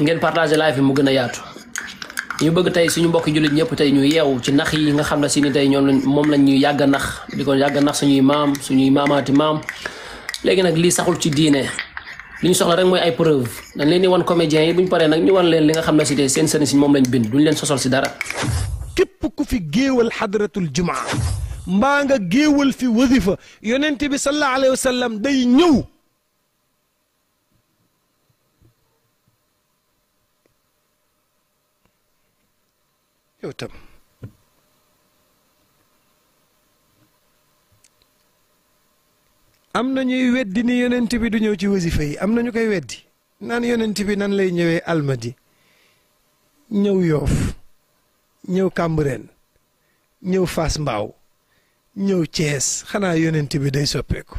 ngeen partagé live bi mu gën a yaatu ñu bëgg tey suñu mbokki jullit ñëpp tey ñu yeewu ci nax yi nga xam na si ni tey ñoom lañ moom lañ ñuy yàgg a nax yàgg nax suñuy maam suñuy maamaati maam léegi nag lii saxul ci diine li ñu soxla rek mooy ay preuve dañ leen di wan comédiens yi bu paree nag ñu wan leen li nga xam ne si tey seen sëriñ si moom lañ bind duñ leen sosol si dara képp ku fi géewal xadratul jumaa mbaa nga géewal fi wasifa yonent bi sallallahu alayhi wa sallam day ñëw Gut. am na ñuy weddi ni yonent bi du ñëw ci wasifa yi am na ñu koy weddi naan yonent bi nan lay ñëwee almadi ñëw yoof ñëw kàmbureen ñëw fas mbaaw ñëw cees xanaa yonent bi day soppeeku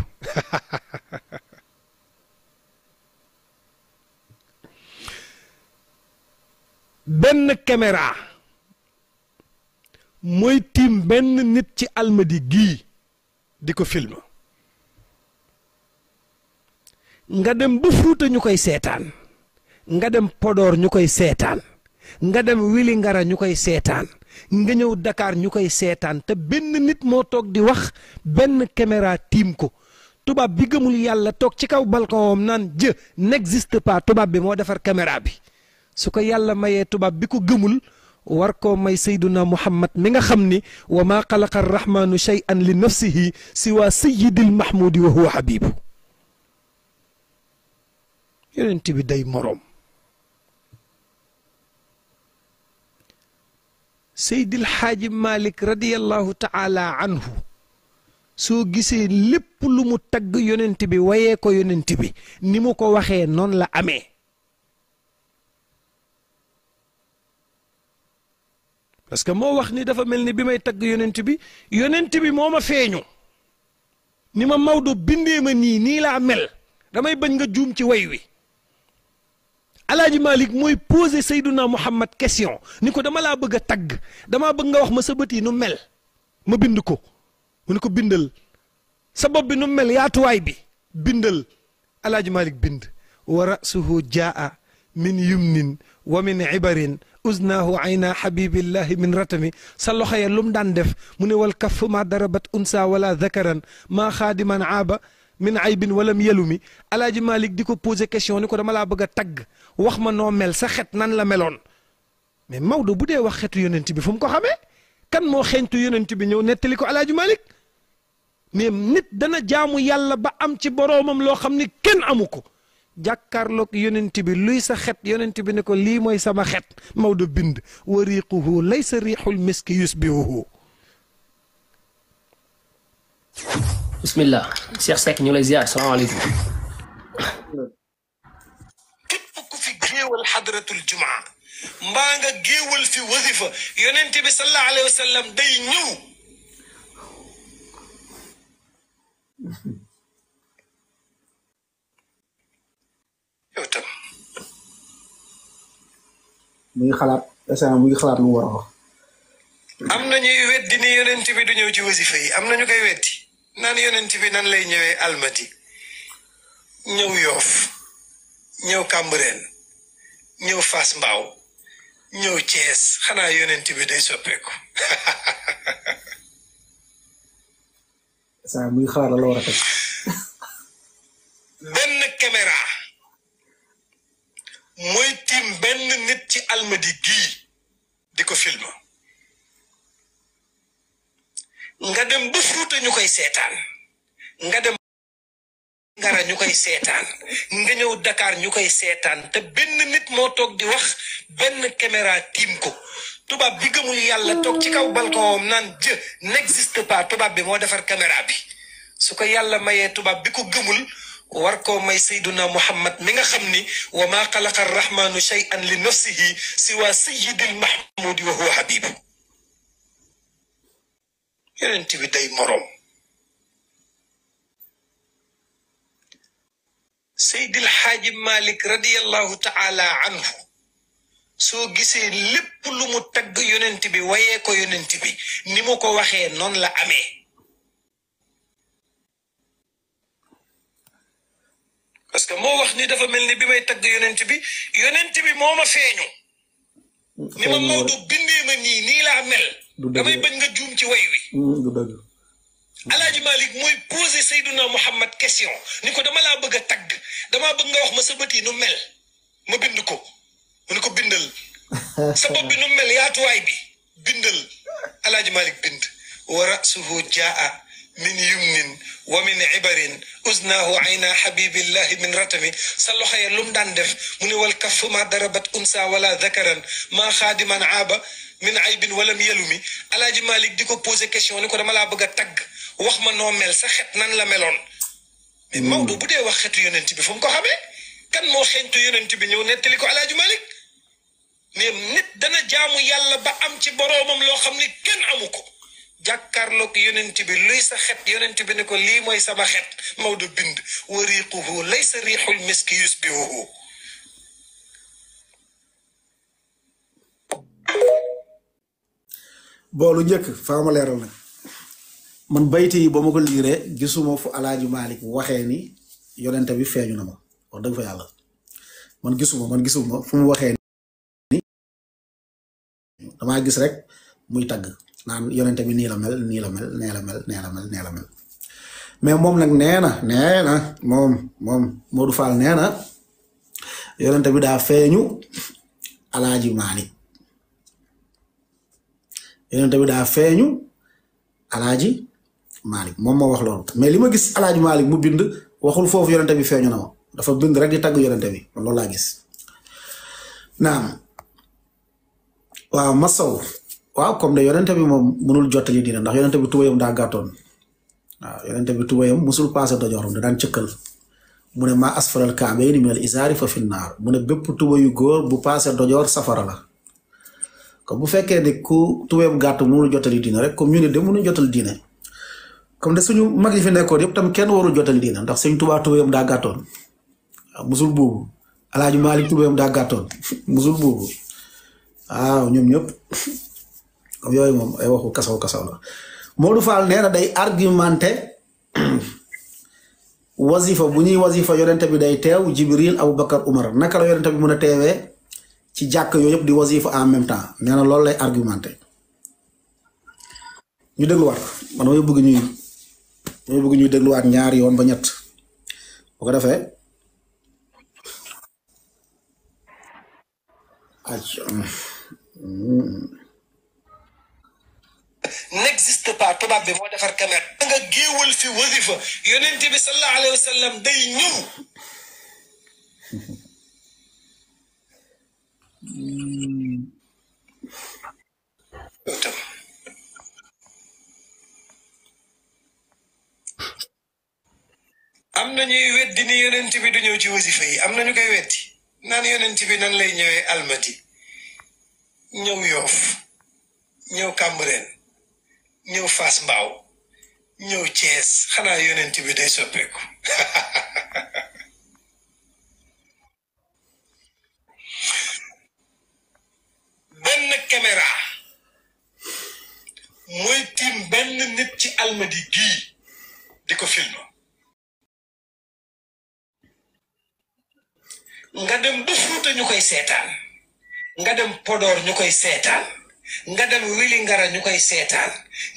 benn caméra mooy tiim benn nit ci almadi gii di ko film nga dem ba Fuuta ñu koy seetaan nga dem podoor ñu koy seetaan nga dem Wilingara ñu koy seetaan nga ñëw dakaar ñu koy seetaan te benn nit moo toog di wax benn caméra tiim ko tubaab bi gëmul yàlla toog ci kaw balcon am naan jë n'existe pas tubaab bi moo defar caméra bi su ko yàlla mayee tubaab bi ko gëmul war koo may sayduna muhammad mi nga xam ni wa maa xalaqa arrahmanu shay'an li nafsihi siwa sayidil mahmudi wa huwa habibu yonent bi day moroom seydil xaaji taala anhu soo gisee lépp lu mu tagg yonent bi wayee ko yonent bi ni mu ko waxee noonu la amee parce que moo wax ni dafa mel ni bi may tagg yonent bi yonent bi moo ma feeñu ni ma Maodo bindee ma nii nii laa mel damay bañ nga juum ci way wi alaaji malik mooy posé Seydouna Muhammad question ni ko dama laa bëgg a tagg damaa bëgg nga wax ma sa bët yi nu mel ma bind ko mu ni ko bindal sa bopp bi nu mel yaatuwaay bi bindal alaaji malik bind wa rasuhu jaa من يمن ومن عبر أزناه عينا حبيب الله من رتم صلى خي لم دندف من والكف ما دربت أنثى ولا ذكرا ما خادما عابا من عيب ولا يلومي على جمالك ديكو بوزي كيسيون نيكو دما بغا تاغ وخما ما نو مل سخت نان لا ميلون مي مودو بودي وخت خيتو يوننتي بي فوم كو خامي كان مو خينتو يوننتي بي نيو نتليكو على جمالك مي نيت دانا جامو يالا با امتي سي بروم لو خامني كين اموكو jàkkaarloog yonent bi luy sa xet yonent bi ne ko lii mooy sama xet Maodo bind wa riiquhu laysa riixul miski yusbihu bismillah Cheikh Seck ñu lay ziar salaamaaleykum képp ku fi géewal hadratul jumaa mbaa nga géewal fi wasifa yonent bi sallallahu alayhi wa sallam day ñëw yow tam. ngi xalaat instant mu ngi xalaat lu mu am na ñuy weddi ni yonent bi du ñëw ci wasifa yi am na ñu koy weddi naan yonent bi nan lay ñëwee almati ñëw yoof ñëw kàmbureen ñëw fas mbaaw ñëw cees xanaa yonent bi day soppeeku. instant mu benn caméra. ci almadi gii di ko film nga dem ba ñu koy seetaan nga dem ngara ñu koy seetaan nga ñëw dakaar ñu koy seetaan te benn nit moo toog di wax benn caméra tiim ko tubaab bi gëmul yàlla toog ci kaw balcon am naan jë n'existe pas tubaab bi moo defar caméra bi su ko yàlla mayee tubaab bi ko gëmul war koo may sayduna muhammad mi nga xam ni wa maa xalaqa arrahmanu shay'an li nafsihi siwa sayidil mahmudi wa huwa habibu yonent bi day moroom seydil xaaji malik radiallahu taala anhu soo gisee lépp lu mu tagg yonent bi wayee ko yonent bi ni mu ko waxee noonu la amee parce moo wax ni dafa mel ni bi may tagg yonent bi yonent bi moo ma feeñu ni ma Maodo bindee ma nii nii laa mel damay bañ nga juum ci way wi mm, alaaji Malick mooy posé Seydouna Mouhamad question ni ko dama laa bëgg a tagg dama bëgg nga wax ma sa bët yi nu mel ma bind ko mu ko bindal sa bopp bi nu mel yaatuwaay bi bindal alaaji Malick bind wa rasuhu jaa من يمن ومن عبر أزناه عينا حبيب الله من رتم صلوها يلوم داندف من والكف ما دربت أنسا ولا ذكرا ما خادما عابا من عيب ولم يلومي على جمالك ديكو بوزي كشيون نكو دمالا بغا تق وخما نو مل سخت نان لا ملون موضو بودي وخيتو يوننتي بي فمكو حبي كان مو خينتو يوننتي بي نيو نتليكو على جمالك ني نت دانا جامو يالا با امتي بروم لو خمني كن اموكو jàkkaarloog yonent bi luy sa xet yonent bi ne ko lii mooy sama xet Maodo bind wa riiquhu laysa riixul miski yusbihuhu boolu njëkk faa ma leeral nag man bayti yi ba ma ko liire gisuma fu Alaaji Malik waxee ni yonente bi feeñu na ma wax dëgg fa yàlla man gisuma man gisuma fu mu waxee ni damaa gis rek muy tagg naan yonente bi nii la mel nii nee la mais moom nag nee na nee na moom moom Modou Fall nee na yonente bi daa feeñu alaaji Malick yonente daa feeñu alaaji Malick moom moo wax loolu mais li ma gis alaaji Malick mu bind waxul foofu yonente bi feeñu na ma dafa bind rek di tagg yonente bi loolu laa gis naam waaw masaw waaw comme ne yonente bi moom mënul jottali diina ndax yonente bi tubayam daa gàttoon waaw yonente bi tubayam musul paase dojooram da daan cëkkal mu ne maa asfaral kaabayni minal izaari fa finnaar mu ne bépp tuba yu góor bu paase dojoor safara la comme bu fekkee ne ku tubayam gàtt mënul jottali diina rek comme ñu ne de mënul jottali diina comme de suñu mag yi fi nekkoon yëpp tam kenn warul jottali diina ndax suñ tubaa tubayam daa gàttoon waaw musul buubu alaaji maalik tubayam daa gàttoon musul buubu waaw ñoom ñëpp yooyu moom ay waxu kasaw kasaw la Modou Fall nee na day argumenté wazifa bu ñuy wazifa yonente bi day teew Jibril Aboubacar Umar naka la yonente bi mën a teewee ci jàkk yooyu yëpp di wasif en même temps nee na loolu lay argumenté ñu dégluwaat ko man mooy bëgg ñuy mooy bëgg ñuy dégluwaat ñaari yoon ba ñett bu ko defee n'existe pas tubaab bi moo defar kamer da nga géewal fi wasifa yonent bi sallallahu alayhi wa day ñëw am na ñuy weddi ni yonent bi du ñëw ci wasifa yi am na ñu koy weddi naan yonent bi nan lay ñëwee almati ñëw yoof ñëw kàmbareen ñëw Fass Mbaaw ñëw cees xanaa yonent bi day soppeeku benn caméra mooy tiim benn nit ci almadi gii di ko filma nga dem ba ñu koy seetaan nga dem Podor ñu koy seetaan nga dem wili ngara ñu koy seetaan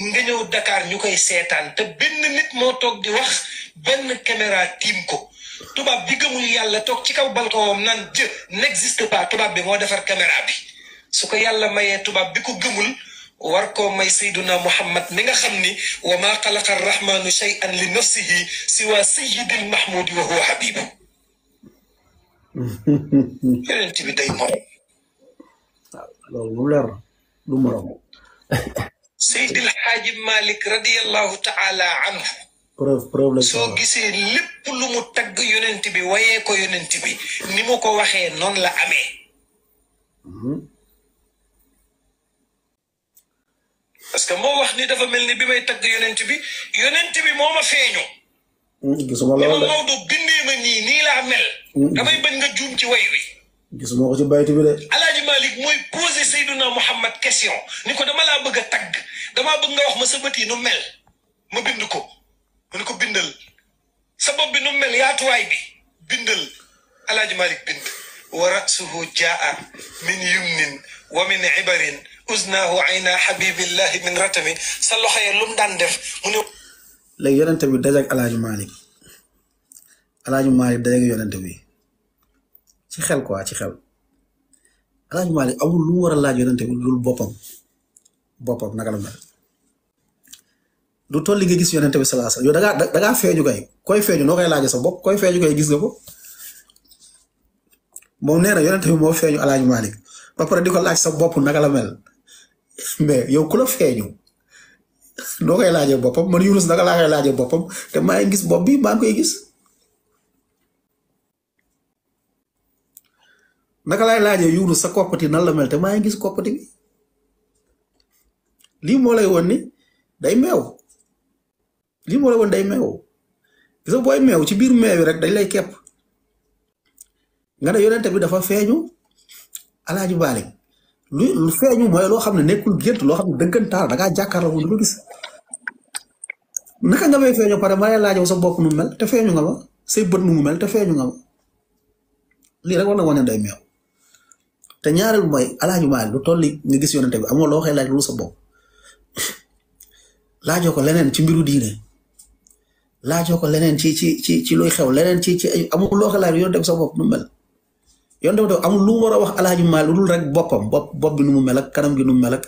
nga ñëw Dakar ñu koy seetaan te benn nit moo toog di wax benn caméra tiim ko tubaab bi gëmul yàlla toog ci kaw balkoom naan jë n'existe pas tubaab bi moo defar caméra bi su ko yàlla mayee tubaab bi ko gëmul war koo may sayduna muhammad mi nga xam ni wa maa xalaqa arrahmanu shay'an li nafsihi siwa sayidil mahmudi wa huwa habibu yonent bi day moom ah, loolu numéro سيد الحاج مالك رضي الله تعالى عنه بروف بروف لا سو غيسه ليب لومو تاغ يوننتي بي وايي كو يوننتي بي نيمو كو واخي نون لا امي باسكو مو واخ ني دافا ملني بي ماي تاغ يوننتي بي يوننتي بي موما فينيو غيسوما لا لا مو دو بيني ما ني ني لا مل دا باي بن نجوم تي واي وي gisuma ko ci baytu bi de. Alaaji Malik mooy posé Seydouna Mouhamad question ni ko dama laa bëgg a tagg damaa bëgg nga wax ma sa bët yi nu mel ma bind ko ko bindal sa bopp bi nu mel yaatuwaay bi bindal Alaaji Malik bind wa ratsuhu jaa min yumnin wa min ibarin uznaahu ayna habibillahi min ratami sa loxo ya daan def mu ne léegi yonente bi dajeeg Malik Alaaji Malik dajeeg yonente ci xel quoi ci xel Alaaji Maalik awul lu war a laaj yonente bi lu boppam boppam naka la mel du toll li nga gis yonente bi salaa salaam yow da feeñu kay koy feeñu noo koy laajee sa bopp koy feeñu kay gis nga ko moom nee bi moo feeñu Alaaji Maalik ba pare di ko laaj sa bopp naka la mel mais yow ku koy laajee boppam man Yunus naka laa koy laajee boppam te maa gis bopp bi maa ngi koy gis. naka laay laajee yuuru sa koppati nan la mel te maa ngi gis koppati bi lii moo lay woon ni day meew lii moo lay woon day meew gis nga booy meew ci biir meew yi rek dañ lay kepp nga ne yonente dafa feeñu alaaji baali lu feeñu mooy loo xam ne nekkul gént loo xam ne dëggantaan da ngaa jàkkaarloo du gis naka nga may feeñu pare ma lay laajee sa bopp nu mel te feeñu nga ma mu mel te feeñu nga lii rek war na wane day meew te ñaareelu mooy alaaju maal lu toll nga gis yonente bi amoo loo xëy laaj lu sa bopp laajoo ko leneen ci mbiru diine laajoo ko leneen ci ci ci ci luy xew leneen ci ci amul loo laaj yonente bi sa bopp nu mu mel yonente bi amul lu mu war a wax alaaju maal lu dul rek boppam bopp bopp bi nu mu mel ak kanam gi nu mu ak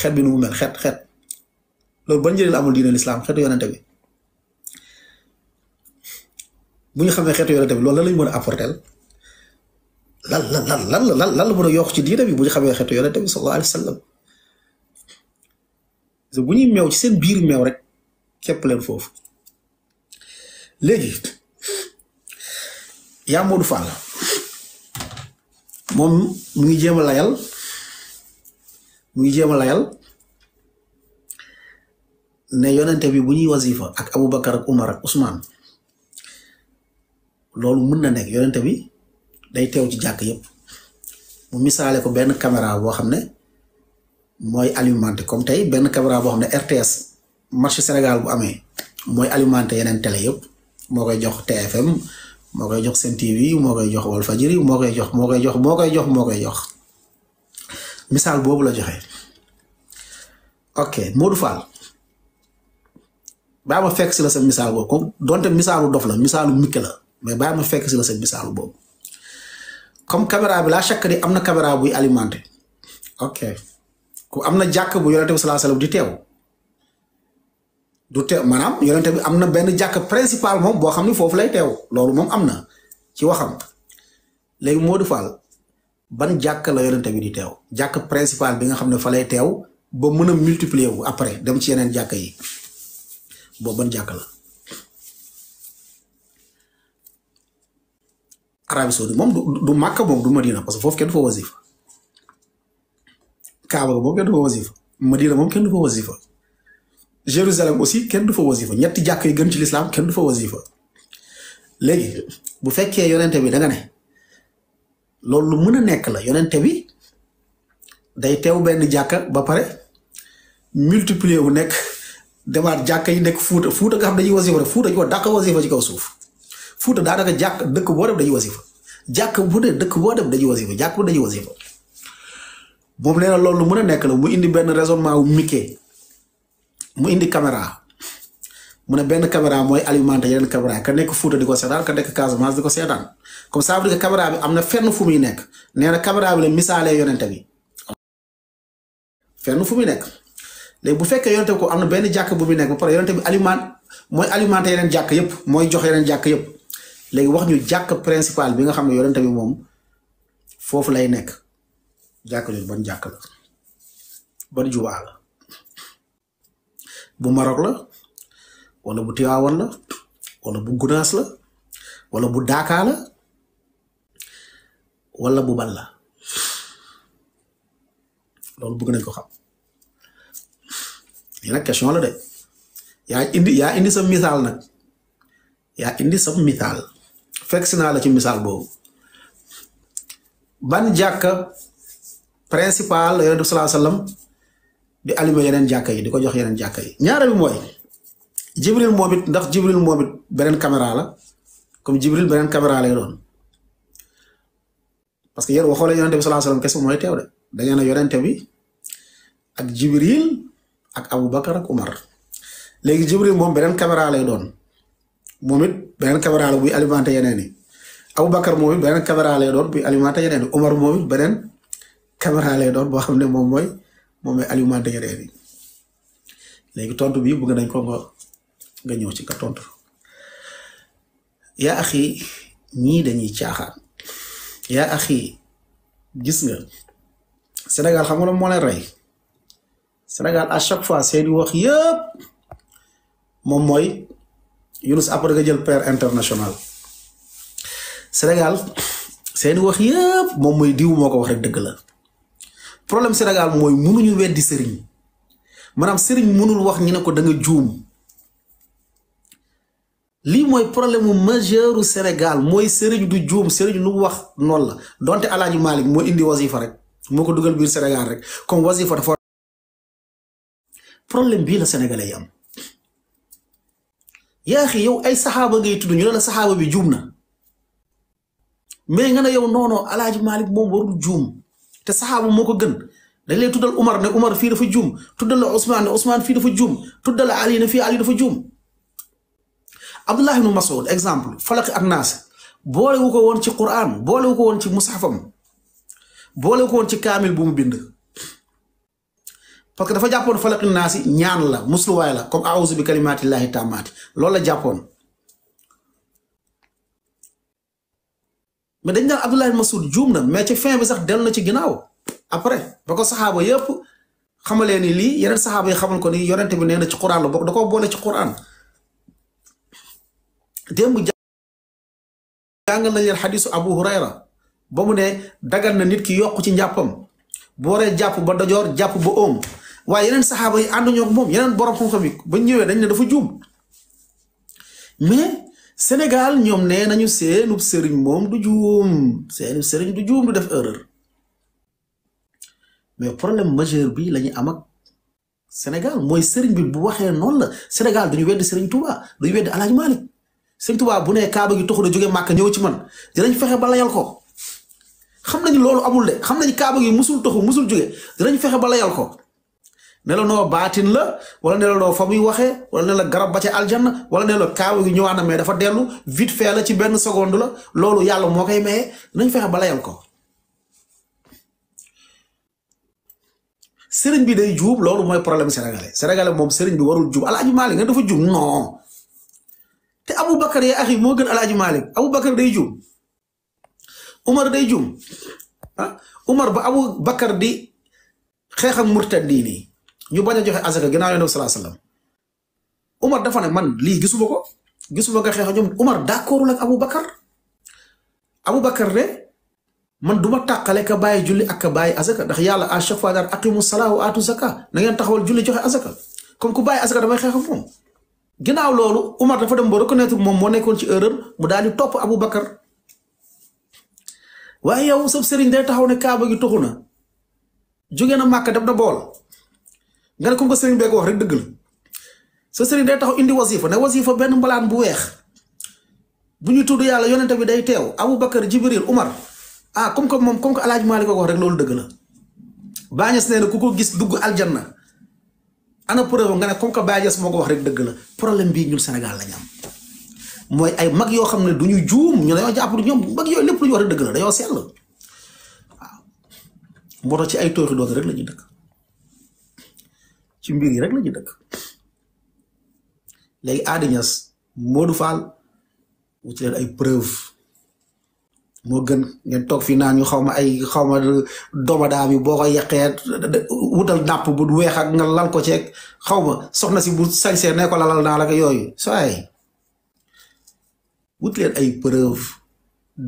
xet bi nu mu mel xet xet loolu ba njëriñ la amul diine lislaam xetu yonente bi bu ñu xamee xeetu yonente bi loolu la lañ mën a apporter lan lan lan lan lan lan la mën a yokk ci diina bi bu ñu xamee xeetu yonente bi sallallahu alayhi wa sallam bu ñuy meew ci seen biir meew rek képp leen foofu léegi yaa Modou Fall moom mu ngi jéem a layal mu ngi jéem a layal ne yonente bi bu ñuy wasifa ak Aboubacar ak Umar ak Ousmane loolu mën na nekk yonente bi day teew ci jàkk yëpp mu misaale ko benn caméra boo xam ne mooy alimenté comme tey benn caméra boo xam ne RTS marché Sénégal bu amee mooy alimenté yeneen télé yëpp moo koy jox TFM moo koy jox Sen TV moo koy jox Walfadjri moo koy jox moo koy jox moo koy jox moo koy jox misaal boobu la joxe ok Modou Fall baa ma fekk la sa misaal donte misaalu dof la misaalu mikke mais baa ma fekk si la sa misaalu boobu. comme caméra bi laa chaque ni am na caméra buy alimenté ok ku am na jàkk bu yonente bi salaa salaam di teew du teew maanaam yonente bi am na benn jàkk principal moom boo xam ni foofu lay teew loolu moom am na ci waxam léegi Modou Fall ban jàkk la yonente di teew jàkk principal bi nga xam ne fa lay teew ba mën a multiplier wu après dem ci yeneen jàkk yi boobu ban jàkk la Arabie Saoudi moom du du Makka moom du Madina parce que foofu kenn du fa wasifa Kaaba moom kenn du fa Madina moom kenn du fa wasifa Jérusalem aussi kenn du fa wasifa ñetti jàkk yi gën ci lislaam kenn du fa wasifa léegi bu fekkee yonente bi da nga ne loolu lu mën a nekk la yonente bi day teew benn jàkka ba pare multiplier wu nekk demaat jàkka yi nekk fuuta fuuta nga xam dañuy wasifa rek fuuta ñu ko dàq wasifa ci kaw suuf Fuuta daanaka jàkk dëkk boo dem dañuy wasifa jàkk bu ne dëkk boo de dañuy wasifa jàkk bu dañuy wasifa moom nee na loolu mën a nekk la mu indi benn raisonnement wu Mickey indi caméra mu ne benn caméra mooy alimenté yeneen ka nekk nekk Casamance di ko seetaan comme ça veut bi am na fenn fu muy nekk nee na caméra bi fenn fu muy nekk léegi bu fekkee yonente bi ko am na benn jàkk bu muy nekk ba bi alimenté mooy alimenté yeneen jàkk yëpp mooy joxee yeneen jàkk yëpp legi wax ñu jakk principal bi nga xamne ne yonente bi mom, foofu lay nek jakk jooju bon jakk la ban jubaa la bu marok la wala bu tiawon la wala bu gunas la wala bu daka la wala bu ban la loolu bëgg nañ ko xam ni nak question la de ya indi ya indi sa misal nak ya indi sa misal fekk naa la ci misaal boobu ban jàkka principal yonent bi salaa sallam di allumer yeneen jàkka yi di ko jox yeneen jàkka yi ñaareel bi mooy Jibril moom it ndax Jibril moom it beneen caméra la comme Jibril beneen caméra lay que yéen waxoo la yonent bi salaa sallam kese mooy teew de da ngeen a yonent bi ak Jibril ak Aboubacar ak Umar léegi Jibril moom beneen caméra lay doon. moom it beneen caméra buy alimenté yeneen yi Aboubacar moom it beneen caméra lay doon buy alimenté yeneen yi Omar moom it beneen caméra lay boo xam ne moom mooy moom mooy alimenté yeneen léegi tontu bi bëgg nañ ko nga nga ñëw ci nga tontu yaa axi ñii dañuy caaxaan yaa axi gis nga Sénégal xam nga moo leen rey Sénégal à chaque fois seeni wax yëpp moom mooy Yunus après nga jël père international Sénégal seen wax yépp moom mooy diw moo ko wax rek dëgg la problème Sénégal mooy mënuñu weddi sëriñ maanaam sëriñ mënul wax ñi ne ko da nga juum lii mooy problème mu majeuru Sénégal mooy sëriñ du juum sëriñ lu wax noonu la donte Alaaji Malik moo indi wasifa rek moo ko dugal biir Sénégal rek comme wasifa dafa problème bii la sénégalais yi yaa xi yow ay saxaaba ngay tudd ñu ne la saxaaba bi juum na mais nga ne yow noono alaaji Malick moom warul juum te saxaaba moo ko gën dañ lay tuddal Umar ne Umar fii dafa juum tuddal la Ousmane ne fii dafa juum tuddal la Ali ne fii Ali dafa juum Abdullah nu Mas'ud exemple falaq ak naas boolewu ko woon ci Qur'an boolewu ko woon ci mushafam boolewu ko woon ci kaamil bu mu bind parce que dafa jàppoon falaqi naasi ñaan la musluwaay la comme auzu bi kalimaatillahi taamaati loolu la jàppoon mais dañ naan Abdullah Masud juum na mais ci fin bi sax dellu na ci ginnaaw après ba ko saxaaba yëpp xamalee ni lii yeneen saxaaba yi xamal ko ni yonente bi nee na ci quraan la bokk da koo boole ci quraan démb jàngal nañ leen xadisu Abu Hurayra ba mu ne dagan na nit ki yokk ci njàppam booree jàpp ba dojoor jàpp ba óom waaye yeneen saxaaba yi ànduñoo ak moom yeneen borom xam-xam ba ñëwee dañ dafa juum mais ñoom nee nañu seenub sëriñ moom du juum sëriñ du juum du def erreur mais problème majeur bi lañu am ak mooy sëriñ bi bu waxee noonu la Sénégal duñu weddi sëriñ Touba duñu weddi Alaaji Malik sëriñ Touba bu nee Kaaba gi toxu da jóge Màkka ñëw ci man dinañ fexe ba layal ko xam nañu loolu amul de xam nañu Kaaba gi musul toxu musul jóge danañ fexe ba yal ko noo baatin la wala nelanoo fa muy waxee wala ne la garab ba ca aljanna wala ne la kaaw gi ñëwaat na mais dafa dellu vite fait la ci benn seconde la loolu yàlla moo koy maye nañ fexe ba layal ko sëriñ bi day juub loolu mooy problème sénégalais sénégalais moom sëriñ bi warul juub alaaji maalik nga dafa juub non te aboubacar ya axi moo gën alaaji maalik aboubacar day juub umar day juub ah umar ba aboubacar di xeex ak murtaddiin ñu bañ a joxe azaka ginnaaw yonent bi salaa sallam Umar dafa ne man lii gisuma ko gisuma nga xeex ñoom Umar d'accordul ak Aboubacar Aboubacar ne man du ma tàqale ka bàyyi julli ak ka bàyyi azaka ndax yàlla a chaque fois daal aqimu salaa wa aatu zaka na ngeen taxawal julli joxe azaka comme ku bàyyi azaka damay xeex ak moom. ginnaaw loolu Umar dafa dem ba reconnaître moom moo nekkoon ci erreur mu daal di topp Aboubacar waaye yow sab sëriñ day taxaw ne kaaba gi toxu na jóge na Màkka dem na bool. ngal ko ko que sëriñ ko wax rek dëgg la sa sëriñ day taxaw indi wasifa ne wasifa ben mbalan bu wex buñu tuddu yalla yonenta bi day tew abou bakkar Jibril Umar ah kum ko mom kum ko alhadj malik ko wax rek lolou deug la bañas nee na ko gis dug aljanna ana preuve nga ne comme que Bañes moo ko wax rek deug la problème bi ñun senegal la ñam moy ay mag yo xamne duñu joom ñu dañu japp dañoo jàpp mag yo lepp lu wax rek deug la dañu sel waaw moo ci ay toxi do rek lañu deug ci mbir yi rek la dëkk léegi Aadi Ñas Modou Fall wuti leen ay preuve moo gën ngeen toog fii naan ñu xaw ma ay xaw ma domadaam yi boo ko yeqee wutal nàpp bu weex ak nga lal ko ceeg xaw ma soxna si bu sañsee ne ko lalal naa la yooyu soay wut leen ay preuve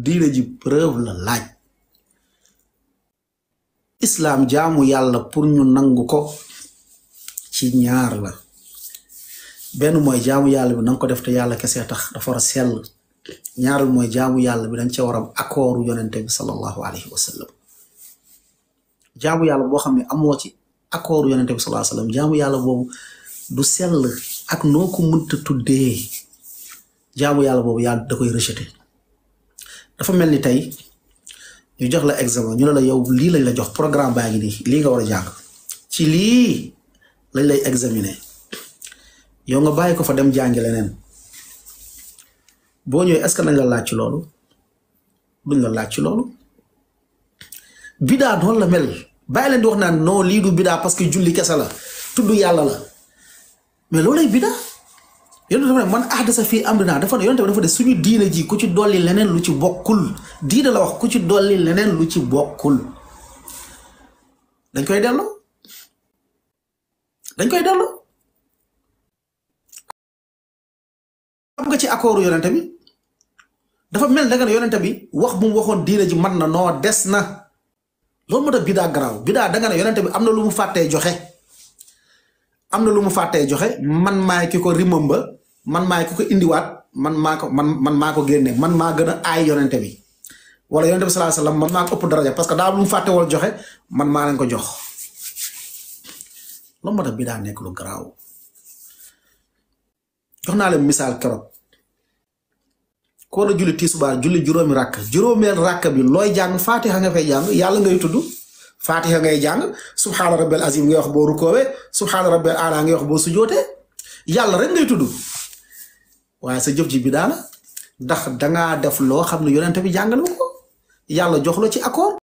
diine ji preuve la laaj islaam jaamu yàlla pour ñu nangu ko ci ñaar la benn mooy jaamu yàlla bi na ko def te yàlla kese tax dafa war a sell ñaareel mooy jaamu yàlla bi dañ cee war am accordu yonente bi sallallahu alayhi wa jaamu yàlla boo xam ne amoo ci accordu yonente bi sallallahu alayhi wa sallam jaamu yàlla boobu du sell ak noo ko mënta tuddee jaamu yàlla boobu yàlla da koy dafa mel ni tey ñu jox la examen ñu ne la yow lii lañ la jox programme baa ngi lii nga war a jàng ci lii lañ lay examiner yow nga bàyyi ko fa dem jàngi leneen boo ñëwee est-ce que nañ la laaj ci loolu duñ la laaj ci loolu bidaa noonu la mel bàyyi leen di wax naan noo lii du bidaa parce que julli kese la tudd yàlla la mais loolay bidaa yonent dafa ne man sa fii amrinaa dafa ne yonent dafa ne suñu diine ji ku ci dolli leneen lu ci bokkul diine la wax ku ci dolli leneen lu ci bokkul dañ koy delloo dañ koy delloo. xam nga ci accord yonente bi dafa mel da nga ne yonente bi wax bu waxoon diina ji man na noo des na loolu moo tax bidaa garaaw bidaa da nga yonente bi am na lu mu fàttee joxe am na lu mu fàttee joxe man maay ki ko remember man maay ki ko indiwaat. man maa ko man man maa ko génne man maa gën a aay yonente bi wala yonente bi sallallahu alayhi wasallam man maa ko ëpp daraja parce que daa fàtte woon joxe man maa leen ko jox la moo tax bi daa nekk lu garaaw jox naa leen misaal keroog koo la julli tisbaar julli juróomi ràkk juróomeel ràkk bi looy jàng faatixa nga fay jàng yàlla ngay tudd faatixa ngay jàng subhaana rabbil azim ngay wax boo rukoowee subhaana rabbil ala ngay wax boo sujootee yàlla rek ngay tudd waaye sa jëf ji bi daala ndax dangaa def loo xam ne yonent bi jàngal ko yàlla jox la ci accord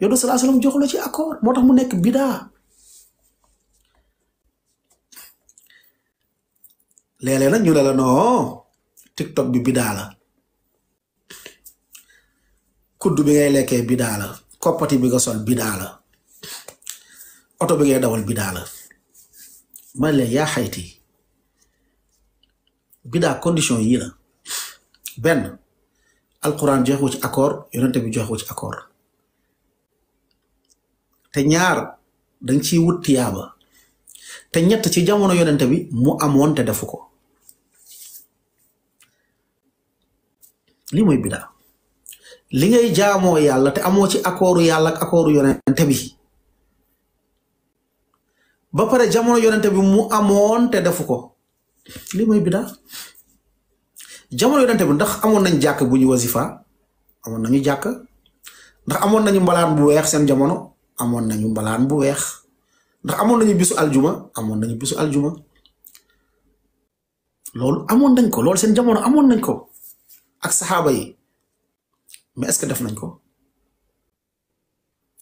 yow de salaa salaam ci accord moo tax mu nekk bidaa léeg-léeg nag ñu ne la non tiktok bi bidaa la kuddu bi ngay lekkee bidaa la koppati bi nga sol bidaa la oto bi ngay dawal bidaa la man la yaa xayti bidaa condition yii la benn alquran joxewu ci accord yonente bi joxewu ci accord te ñaar dañ ciy wut tiyaaba te ñett ci jamono yonent bi mu amoon te defu ko lii mooy bidaa li ngay jaamoo yàlla te amoo ci accordu yàlla ak accordu bi ba pare jamono yonent bi mu amoon te defu ko lii mooy bidaa jamono yonent bi ndax amoon nañ jàkk bu ñu wasifa amoon nañu jàkk ndax amoon nañu mbalaan bu weex seen jamono amoon nañu mbalaan bu weex ndax amoon nañu bisu aljuma amoon nañu bisu aljuma loolu amoon nañ ko lool seen jamono amoon nañ ko ak saxaaba yi mais est que def nañ ko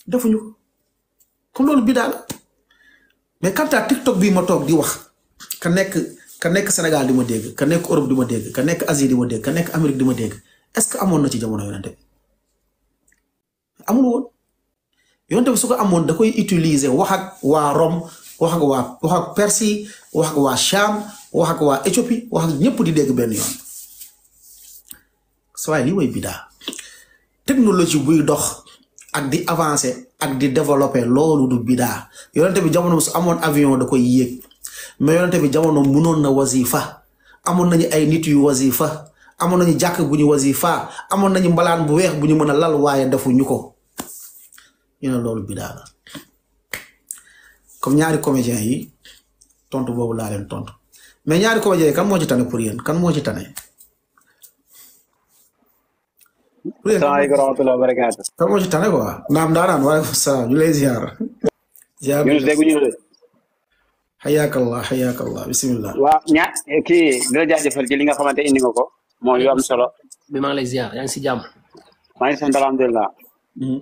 defuñu ko loolu bi daal mais quant à TikTok bii ma toog di wax ka nekk ka nekk senegal di ma dégg ka nekk Europe di ma dégg ka nekk Asie di ma dégg ka nekk Amérique di ma dégg est-ce que amoon na ci jamono yonente bi amul yonte bi su amoon da koy utiliser wax ak waa Rome wax ak waa wax ak Persi wax ak waa Cham wax ak waa Éthiopie wax ak ñëpp di dégg benn yoon sa waaye lii buy dox ak di avancer ak di développer loolu du bidaa bi jamono amoon avion da koy yéeg mais yonente bi jamono mënoon na wasifa amoon nañu ay nit yu wasifa amoon nañu jàkk bu ñu wasifa amoon nañu mbalaan bu weex bu ñu mën a lal waaye defuñu ko ñu ne loolu bidaa la ñaari comédiens yi tontu boobu laa leen tontu mais ñaari comédiens yi kan moo tane pour yéen kan moo ci tane. salaamaaleykum wa rahmatulah barakaatu. kan moo ci tane quoi naam daanaan waaleykum ñu lay ziar. ziar ñu dégguñu la. xayaakallah xayaakallah bisimilah. waaw ña kii di li nga xamante indi nga ko. lay ziar yaa ngi si jàmm. maa ngi sant alhamdulilah. Mm-hmm.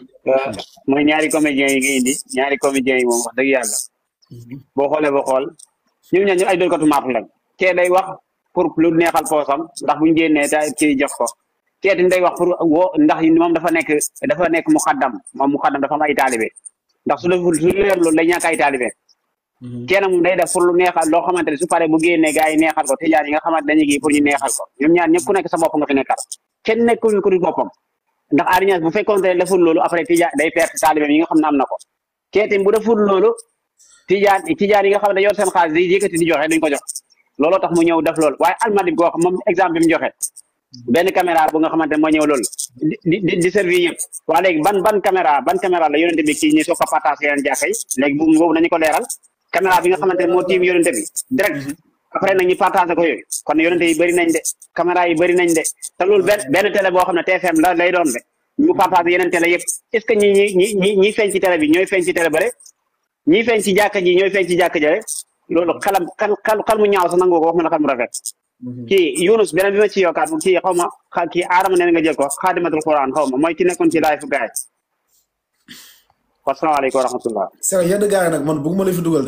mooy ñaari comédiens yi nga indi ñaari comédiens yi moom wax dëgg yàlla mm-hmm. boo xoolee ba xool ñun ñaa ñu ay doykatu maatu lañ kee day wax pour lu neexal poosam ndax buñu génnee ta ci jox ko kee tim day wax pour woo ndax moom dafa nekk dafa nekk mu xaddam moom mu xaddam dafa am ay taalibe ndax su deful su leer loolu day ñàkk ay taalibe mm-hmm. kenn moom day def pour lu neexal loo xamante ne su paree bu génnee gars yi neexal ko te ñaar nga xamante ñu neexal nekk sa bopp nga kenn nekkul boppam ndax Aly bu fekkoon ne deful loolu après tijaan day perte taalibe yi nga xam ne am na ko kee tamit bu deful loolu tijaan tijaan yi nga xam ne yor seen xaalis day yëkkati di joxe duñ ko jox looloo tax mu ñëw def lool waaye almadib goo xam moom exemple bi mu joxe benn caméra bu nga xamante ne moo ñëw loolu di di waa léegi ban ban caméra ban caméra la yonente bi kii nii soo ko partagé yeneen jàkka yi léegi bu boobu nañu caméra bi nga xamante ne moo tiim yonente bi direct après nag ñu partagé ko yooyu kon yonente yi bëri nañ de caméra yi bëri nañ de te loolu benn télé boo xam ne TFM la lay doon de ñu partagé yeneen télé yëpp est-ce que ñi ñi ñi ñi feeñ ci télé bi ñooy feeñ ci télé bële ñi feeñ ci jàkka ji ñooy feeñ ci jàkka jale loolu xalam xal xal xal mu ñaaw sax nangu ko wax ma la xal mu rafet mhm. kii Yunus beneen bi ma ci yokkaat kii xaw ma kii aarama nee na nga jël ko xaadimatul quran xaw ma mooy ci nekkoon ci live wa rahmatullah sa yenn gaay nag man bëgguma la fi dugal